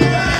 Yeah.